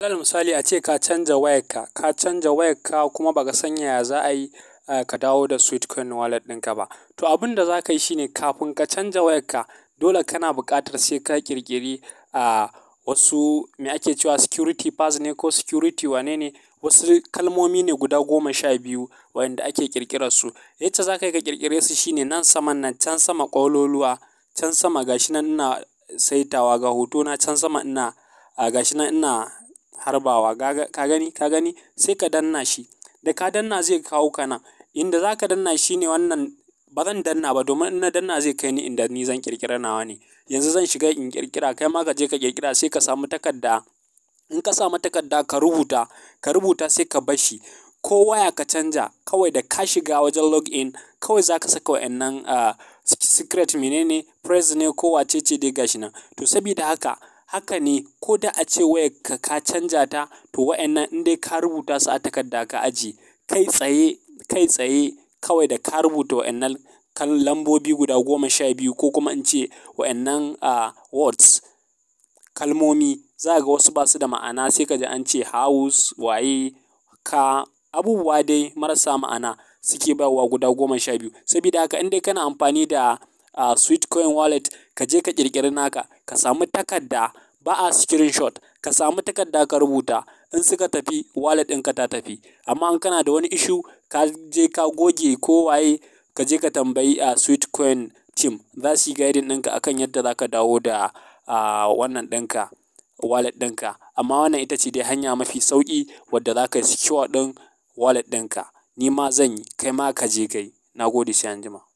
Alal misali a ce ka canza wayarka, ka canza wayarka kuma ba ka san yaya za a yi ka dawo da Sweetcoin wallet ɗinka ba. To abin da za ka yi shine kafin ka canza wayarka dole kana buƙatar sai ka ƙirƙiri a wasu me ake cewa security pass ne ko security wane ne wasu kalmomi ne guda goma sha biyu wanda ake su Yacce za ka yi ka ƙirƙire su shine nan saman nan can sama ƙololuwa can sama gashi nan ina saitawa ga hotona can sama ina gashi nan ina harbawa ka gani ka gani sai ka danna shi da ka danna zai kawo ka nan inda za ka danna shi ne wannan ba zan danna ba domin in na danna zai kai ni inda ni zan ƙirƙira nawa ne yanzu zan shiga in ƙirƙira kai ma ka je ka ƙirƙira sai ka samu takarda in ka samu takarda ka rubuta ka rubuta sai ka bar shi ko waya ka canja kawai da ka shiga wajen log in kawai za ka saka wa'annan ah, secret menene press ne ko wace ce dai gashi nan to sabida haka Haka ne, ko da a ce wayar ka canja ta, to wa'annan in dai ka rubuta su a takarda ka aji kai tsaye, kai tsaye kawai da ka rubuta wa'annan kan lambobi guda goma sha biyu ko kuma in ce wa'annan, ah, words, kalmomi, za ga wasu ba su da ma'ana sai ka ji an ce house, waye, ka abubuwa dai marasa ma'ana suke bawa guda goma sha biyu. saboda haka in dai kana amfani da, Sweet Coin Wallet, ka je ka ƙirƙiri naka. ka samu takarda ba a screenshot ka samu takarda ka rubuta in suka tafi wallet ɗinka ta tafi amma in kana da wani issue ka je ka goge ko waye ka je ka tambayi a ah, sweet coin team za su yi guiding ɗinka akan yadda za ka dawo da ah, wannan ɗinka wallet ɗinka amma wannan ita ce dai hanya mafi sauki wadda za ka yi secure ɗin wallet ɗinka ni ma zan yi kai ma ka je kai na gode sai anjima